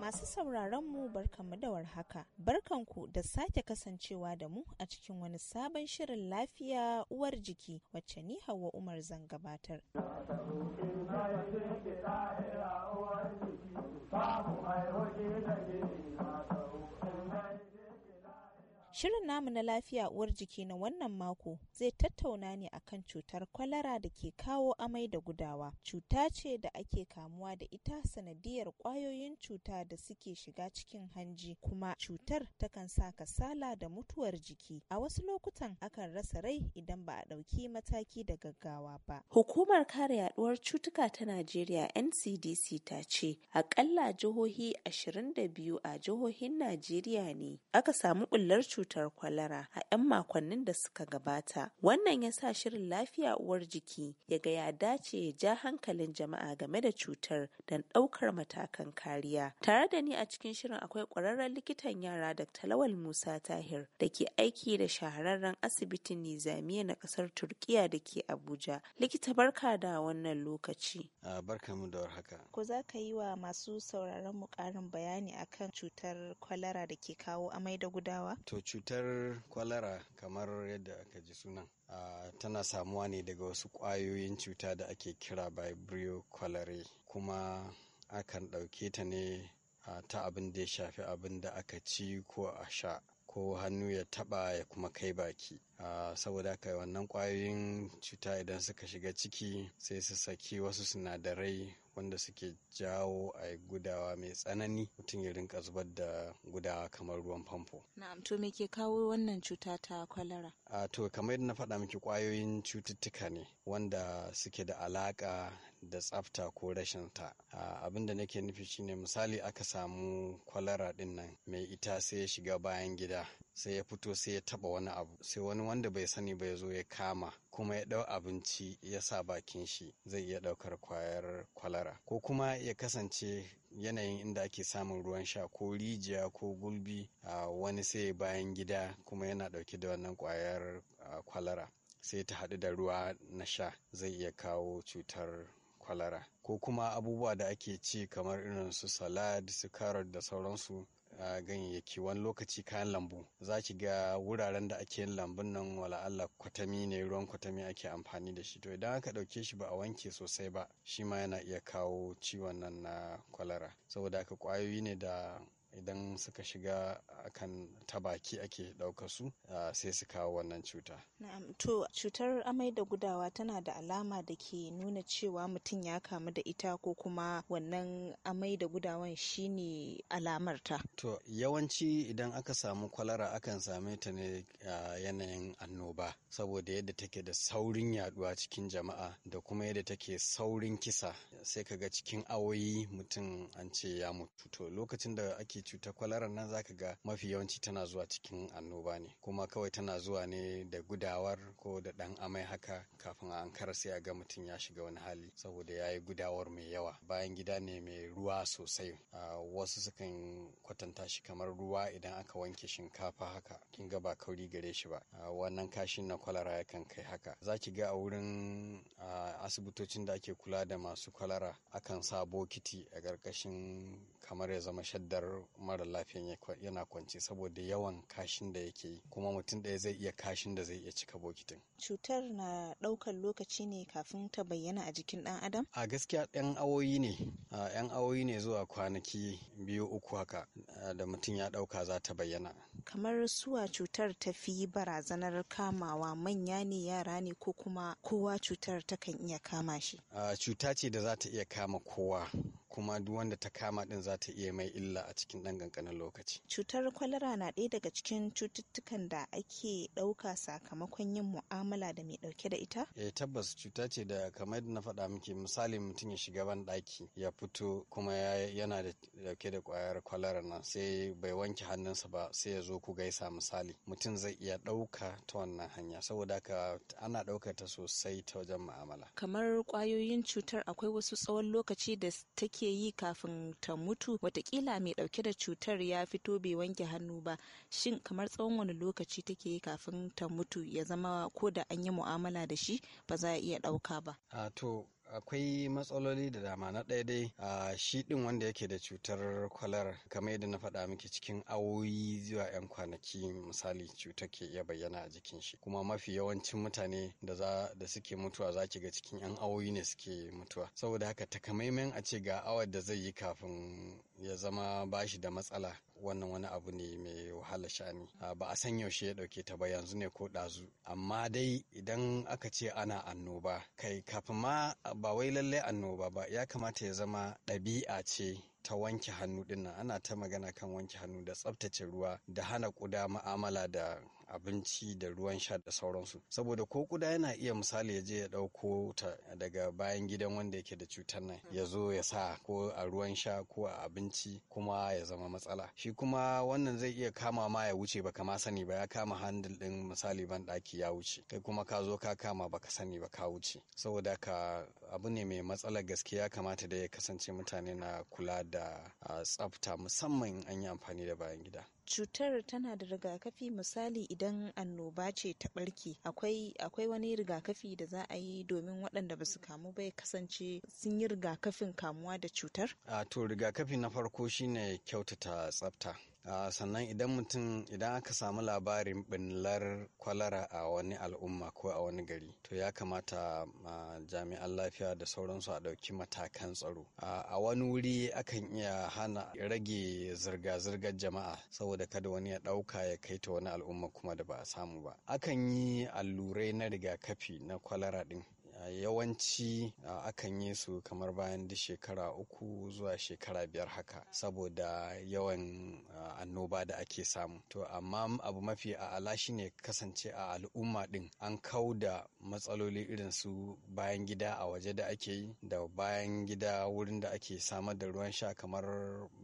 Masu sauraron mu barkanmu da warhaka. Barkanku da sake kasancewa da mu a cikin wani sabon shirin lafiya uwar jiki wacce ni Hauwa Umar zan gabatar. Babu mai hoji da Shirin namu na lafiya uwar jiki na wannan mako zai tattauna ne akan cutar kwalara da ke kawo amai da gudawa. Cuta ce da ake kamuwa da ita sanadiyar ƙwayoyin cuta da suke shiga cikin hanji kuma cutar takan sa kasala da mutuwar jiki. A wasu lokutan akan rasa rai idan ba a ɗauki mataki da gaggawa ba. Hukumar kare yaduwar cutuka ta Najeriya NCDC ta ce Aƙalla jihohi biyu a jihohin Najeriya ne aka samu ɓullar cutar cutar kwalara a 'yan makonnin da suka gabata. Wannan ya sa shirin lafiya uwar jiki ya ga ya dace ya ja hankalin jama'a game da cutar don ɗaukar matakan kariya. Tare da ni a cikin shirin akwai ƙwararren likitan yara Dr. Lawal Musa Tahir da ke aiki da shahararren asibitin Nizamiya na ƙasar Turkiya da ke Abuja. Likita barka da wannan lokaci. Barka mu da warhaka. Ko za ka yi wa masu sauraron mu ƙarin bayani akan cutar kwalara da ke kawo amai da gudawa? To cutar kwalara kamar yadda aka ji sunan tana samuwa ne daga wasu ƙwayoyin cuta da ake kira vibrio kwalare kuma akan ɗauke ta ne ta abin da ya shafi abin da aka ci ko a sha ko hannu ya taɓa ya kuma kai baki saboda haka wannan kwayoyin cuta idan suka shiga ciki sai su saki wasu sinadarai wanda suke jawo a gudawa mai tsanani mutum ya rinka zubar da gudawa kamar ruwan famfo. Na'am to me ke kawo wannan cuta ta kwalara? A to kamar yadda na faɗa miki ƙwayoyin cututtuka ne wanda suke da alaƙa da tsafta ko rashin ta. Abin da nake nufi shine misali aka samu kwalara ɗin nan mai ita sai ya shiga bayan gida sai ya fito sai ya taba wani abu sai wani wanda bai sani ba ya zo ya kama kuma ya ɗau abinci ya sa bakin shi zai iya ɗaukar kwayar kwalara ko kuma ya kasance yanayin inda ake samun ruwan sha ko rijiya ko gulbi a wani sai bayan gida kuma yana dauke da wannan kwayar kwalara sai ta haɗu da ruwa na sha zai iya kawo cutar kwalara ko kuma abubuwa da ake ci kamar irin su salad su carrot da sauransu a ganyayyaki wani lokaci kayan lambu za ki ga wuraren da ake yin lambun nan wala Allah kwatami ne ruwan kwatami ake amfani da shi to idan aka ɗauke shi ba a wanke sosai ba shi ma yana iya kawo ciwon nan na kwalara saboda haka kwayoyi ne da idan suka shiga akan ta ake ɗaukar su sai su kawo wannan cuta. Na'am to cutar amai da gudawa tana da alama da ke nuna cewa mutum ya kamu da ita ko kuma wannan amai da gudawan shine alamarta. To yawanci idan aka samu kwalara akan same ta ne a yanayin annoba saboda yadda take da saurin yaduwa cikin jama'a da kuma yadda take saurin kisa sai kaga cikin awoyi mutum an ce ya mutu to lokacin da ake cutar kwalara nan zaka ga mafi yawanci tana zuwa cikin annoba ne kuma kawai tana zuwa ne da gudawar ko da dan amai haka kafin a ankara sai a ga mutum ya shiga wani hali saboda ya yi gudawar mai yawa bayan gida ne mai ruwa sosai a wasu sukan kwatanta shi kamar ruwa idan aka wanke shinkafa haka kin ga ba kauri gare shi ba wannan kashin na kwalara yakan kai haka za ki ga a wurin asibitocin da ake kula da masu kwalara akan sa bokiti a ƙarƙashin kamar ya zama shaddar mara lafiyan yana kwance saboda yawan kashin da yake yi kuma mutum ɗaya zai iya kashin da zai iya cika bokitin cutar na ɗaukar lokaci ne kafin ta bayyana a jikin ɗan adam a gaskiya ɗan awoyi ne ɗan awoyi ne zuwa kwanaki biyu uku haka da mutum ya ɗauka za ta bayyana kamar suwa cutar ta fi barazanar kamawa manya ne yara ne ko kuma kowa cutar takan iya kama shi cuta ce da za ta iya kama kowa kuma duk wanda ta kama din za ta iya mai illa a cikin ɗan kankanin lokaci. Cutar kwalara na ɗaya daga cikin cututtukan da ake ɗauka sakamakon yin mu'amala da mai ɗauke da ita? Eh tabbas cuta ce da kamar na faɗa miki misali mutum ya shiga ban ɗaki ya fito kuma yana da ɗauke da ƙwayar kwalara nan sai bai wanke hannunsa ba sai ya zo ku gaisa misali mutum zai iya ɗauka ta wannan hanya saboda haka ana ɗaukar ta sosai ta wajen mu'amala. Kamar ƙwayoyin cutar akwai wasu tsawon lokaci da take take yi kafin ta mutu watakila mai dauke da cutar ya fito bai wanke hannu ba shin kamar tsawon wani lokaci take yi kafin ta mutu ya zama ko da an yi mu'amala da shi ba za a iya dauka ba ah, akwai matsaloli da dama na ɗaya a shi ɗin wanda yake da cutar kwalar, kamar yadda na faɗa miki cikin awoyi zuwa 'yan kwanaki misali cutar ke iya bayyana a jikin shi kuma mafi yawancin mutane da za da suke mutuwa za ki ga cikin 'yan awoyi ne suke mutuwa saboda haka takamaiman a ce ga awar da zai yi kafin ya zama bashi da matsala wannan wani abu ne mai wahala shani ah, ba a san yaushe ya dauke ta ba yanzu ne ko dazu amma dai idan aka ce ana annoba kai kafin ma ba wai lallai annoba ba ya kamata ya zama ɗabi'a ce ta wanke hannu dinnan ana ta magana kan wanke hannu da tsaftace ruwa da hana ƙuda ma'amala da abinci da ruwan sha da sauransu saboda ko kuda yana iya misali ya je ya ɗauko ta daga bayan gidan wanda yake da cutar nan ya zo ya sa ko a ruwan sha ko a abinci kuma ya zama matsala shi kuma wannan zai iya kama ma ya wuce baka ma sani ba ya kama handil din misali ban ɗaki ya wuce kai kuma ka zo ka kama baka sani ba ka wuce saboda ka abu ne mai matsalar gaske ya kamata da ya kasance mutane na kula da tsafta musamman an yi amfani da bayan gida cutar tana da rigakafi misali idan annoba ce ta barke akwai wani rigakafi da za a yi domin waɗanda ba su kamu ba ya kasance sun yi rigakafin kamuwa da cutar a to rigakafi na farko shine kyautata tsafta sannan idan mutum idan aka samu labarin binlar kwalara a wani al'umma ko a wani gari to ya kamata jami'an lafiya da sauransu a ɗauki matakan tsaro a wani wuri akan iya hana rage zirga-zirgar jama'a saboda kada wani ya ɗauka ya kai ta wani al'umma kuma da ba a samu ba akan yi allurai na rigakafi na kwalara ɗin yawanci akan yi su kamar bayan duk shekara uku zuwa shekara biyar haka saboda yawan annoba da ake samu to amma abu mafi a'ala shine kasance a al'umma din an kau da matsaloli irin su bayan gida a waje da ake yi da bayan gida wurin da ake samar da ruwan sha kamar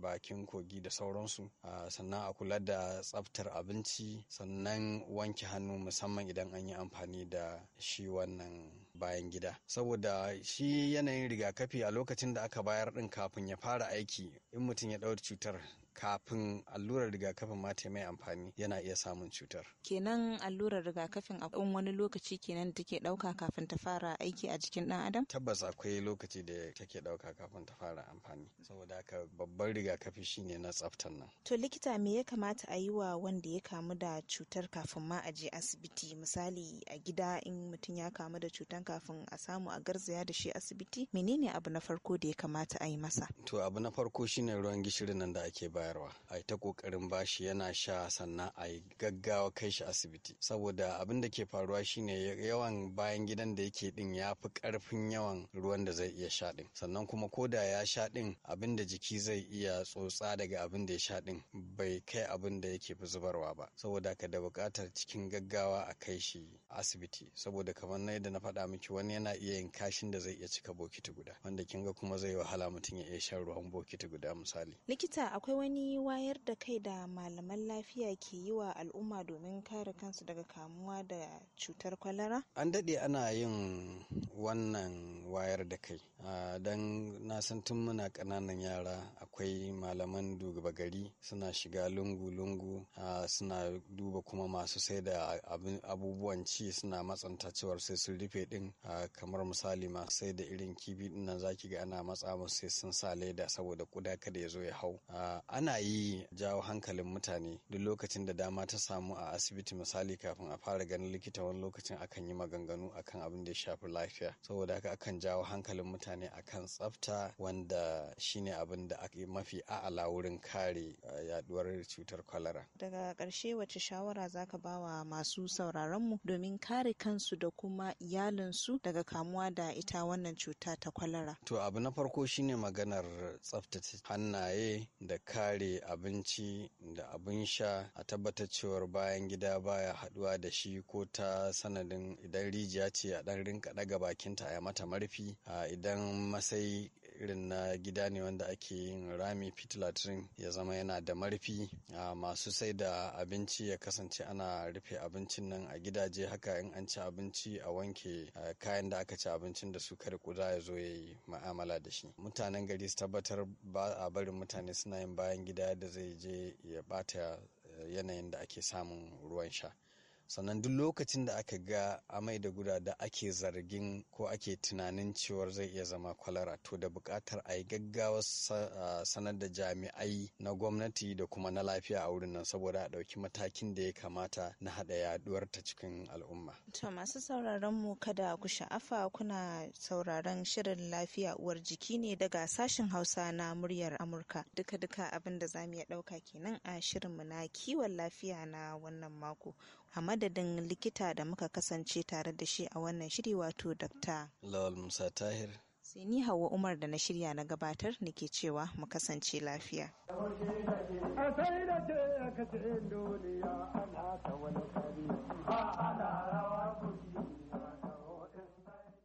bakin kogi da sauransu sannan a kula da tsaftar abinci sannan wanke hannu musamman idan an yi amfani da shi wannan bayan gida saboda shi yanayin rigakafi a lokacin da aka bayar din kafin ya fara aiki in mutum ya ɗaura cutar kafin allurar rigakafin ma ta mai amfani yana iya samun cutar kenan allurar rigakafin a wani lokaci kenan da take ɗauka kafin ta fara aiki a jikin dan adam tabbas akwai lokaci da take ɗauka kafin ta fara amfani saboda haka babban rigakafi shine na tsaftan nan to likita me ya kamata a yi wa wanda ya kamu da cutar kafin ma a je asibiti misali a gida in mutum ya kamu da cutar kafin a samu a garzaya da shi asibiti menene abu na farko da ya kamata a yi masa to abu na farko shine ruwan gishirin nan da ake ba bayarwa a ta kokarin bashi yana sha sannan a yi gaggawa kai shi asibiti saboda abin da ke faruwa shine yawan bayan gidan da yake din ya fi karfin yawan ruwan da zai iya sha din sannan kuma ko da ya sha din abin da jiki zai iya tsotsa daga abin da ya sha din bai kai abin da yake fi zubarwa ba saboda ka da buƙatar cikin gaggawa a kai shi asibiti saboda kamar na yadda na faɗa miki wani yana iya yin kashin da zai iya cika bokiti guda wanda kin ga kuma zai wahala mutum ya iya shan ruwan bokiti guda misali likita akwai wani wani wayar da kai da malaman lafiya ke yi wa al'umma domin kare kansu daga kamuwa da cutar kwalara? An daɗe ana yin wannan wayar da kai. Don na san tun muna ƙananan yara akwai malaman dugaba gari suna shiga lungu-lungu suna duba kuma masu sai da abubuwan ci suna matsanta cewar sai sun rufe ɗin kamar misali masu sai da irin kifi ɗin nan zaki ga ana matsa musu sai sun sa leda saboda kuda kada ya zo ya hau. An ana yi jawo hankalin mutane duk lokacin da dama ta samu a asibiti misali kafin a fara ganin likita wani lokacin akan yi maganganu akan abin da ya shafi lafiya saboda haka akan jawo hankalin mutane akan tsafta wanda shine abin da mafi a'ala wurin kare eh, yaduwar cutar kwalara daga ƙarshe wace shawara zaka bawa masu sauraron mu domin kare kansu da kuma iyalinsu daga kamuwa da ita wannan cuta ta kwalara to abu na farko shine maganar tsaftace hannaye da kare kare abinci da abin sha a tabbatar cewar bayan gida baya haduwa da shi ko ta sanadin idan rijiya ce a dan rinka daga bakinta a mata marfi a idan masai irin na gida ne wanda ake yin rami pit latrine ya zama yana da marfi ah, masu sai da abinci ya kasance ana rufe abincin nan a gidaje haka in an ci abinci a wanke ah, kayan da aka ci abincin da su kar kuda ya zo ya yi ma'amala da shi mutanen gari su tabbatar ba a barin mutane suna yin bayan gida da zai je ya bata eh, yanayin da ake samun ruwan sha sannan duk lokacin da aka ga amai da guda da ake zargin ko ake tunanin cewar zai iya zama kwalara to da bukatar a yi gaggawa sanar da jami'ai na gwamnati da kuma na lafiya a wurin nan saboda a ɗauki matakin da ya kamata na haɗa yaduwar ta cikin al'umma. To masu sauraron mu kada ku sha'afa kuna sauraron shirin lafiya uwar jiki ne daga sashen Hausa na muryar Amurka. Duka-duka abin da za mu iya ɗauka kenan a shirinmu na kiwon lafiya na wannan mako. madadin likita da muka kasance tare da shi a wannan shiri wato Dr. Lawal Musa Tahir. Sai ni Hauwa Umar da na shirya na gabatar nake cewa mu kasance lafiya.